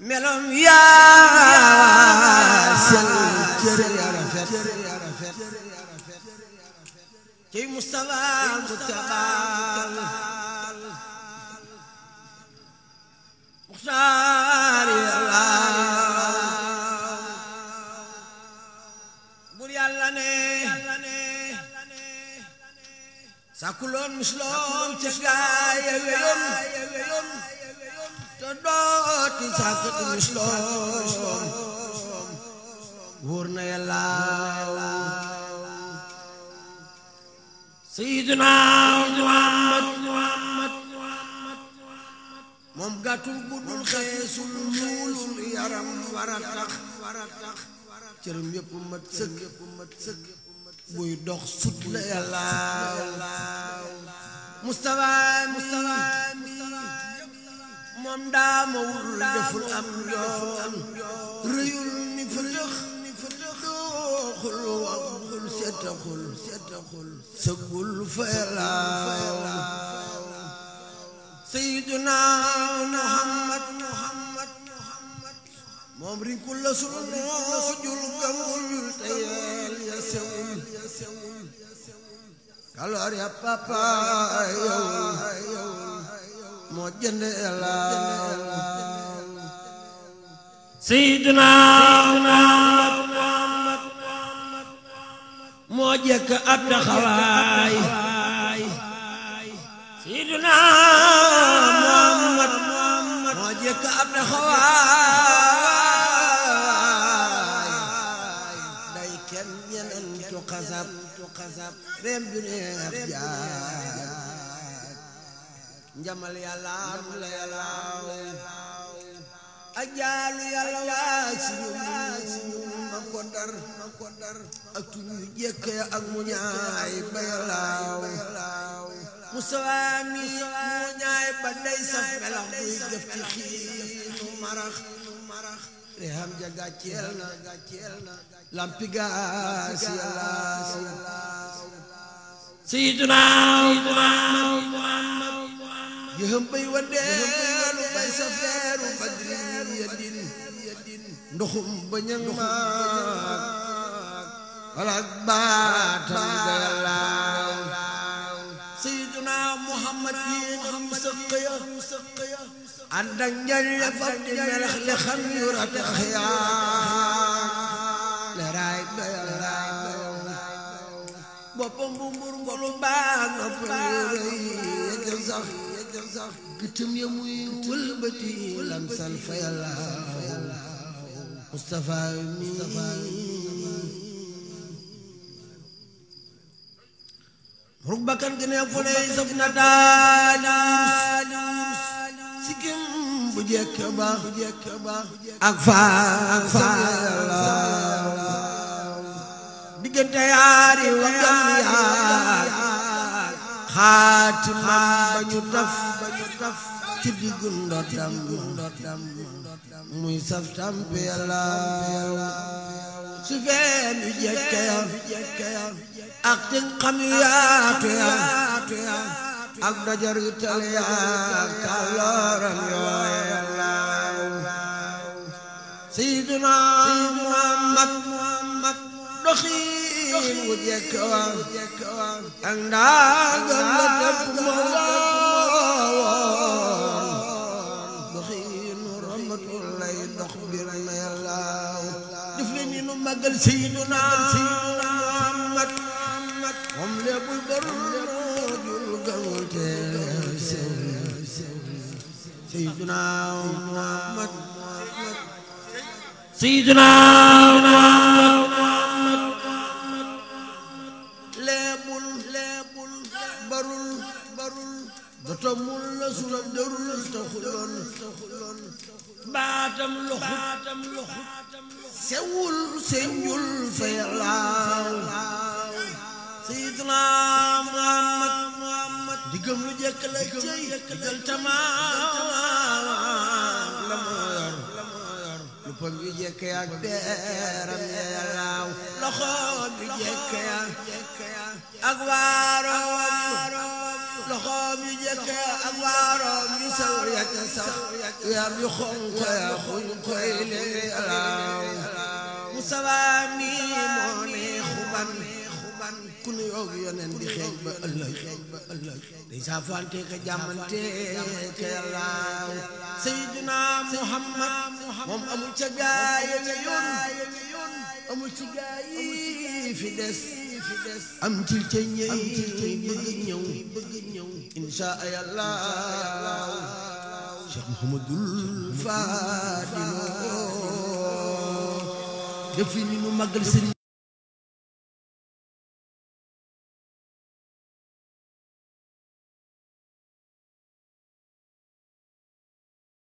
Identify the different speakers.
Speaker 1: meloom yaa sell cër yaa rafet ciy mustafaal mustafaal muxtaar yàllaal bur yàlla ne sàkkuloon musloon ca gaay ya weyoon dooti sàkk du musloom wóor na yàlla sayyiduna Muhammad moom gàttul guddul xeesul muulul yaram war a tax cëram yëpp mat sëkk buy dox sut la yàlla Mustafa Mustafa moom daa ma wul deful am yoon rëyul ni fëtëx dooxul waxul setaxul setaxul sëggul fayalaaw sayyiduna muhammad muhammad moom rinkul la sunu noojul gangul tayal ya sewul kaloor ya papa yow moo jënd laaw Seydina Muhammad moo jekk ab taxawaay Seydina Muhammad moo jekk ab taxawaay day kenn yeneen tu xasab rem ju neex jaay njamal yàlla nu la ajaalu yàlla waa si ñun ma ko dar ma ko dar ak tuñu jekk ya ak mu ñaay ba yàllaaw musawa mi jëhëmbay wa deelu bay sa feeru badrin ya din ndoxum ba ñang maag walaak baatam ga yallaaw sayyiduna muhammad yéenam sëqëya ànd ak njëriñ fa di melax li xam yu ratax yaa leraay ga yallaaw boppam bu mbur ngolu baa nga fa yu rëy ya gëtëm ya muy wëlbati lamsal fa yàlla Mustafa mi ruk bakkan gi ne fu lay saf na daal sikim bu jekk baax ak faak faak diggante yaari wa yaar xaatima ba ñu taf ci diggu ndoddam muy saf tampi yàllaw su fee nu jekka ya ak tin xam yaatu ya ak dajar yu tal yaa kàllooram yooye yàllaw sayyiduna Muhammad doxi mu jekk waan ak ndaagam la tëpp ma woon doxiinu ramatul lay dox bir na yàllaaw def la ñu nu màggal Seydina Muhammad moom léebul bëroo jul gawul teele sew Seydina Muhammad Seydina Muhammad baatam loxut sewul señul fay laaw Seydina Muhammad diggam lu mu yor lu pam yu ak beeram ya laaw loxoom yu jëkk ya ak waaroo loxoom yu jëkk ak waaroom yu saw ya ca sax yaam yu ya lee alaaw mu sawaa mi moo ne xuban ku nu yoog yonen di xeeñ ba ëllëg day saafante ka jàmmante ka yàllaaw sayyiduna muhammad moom amul ca gaay yi yoon amul ci gaay yi fi des am ci ca ñëy bëgg ñëw insha allah Cheikh Mouhamadoul Fadilou def fi ni nu màggal sëriñ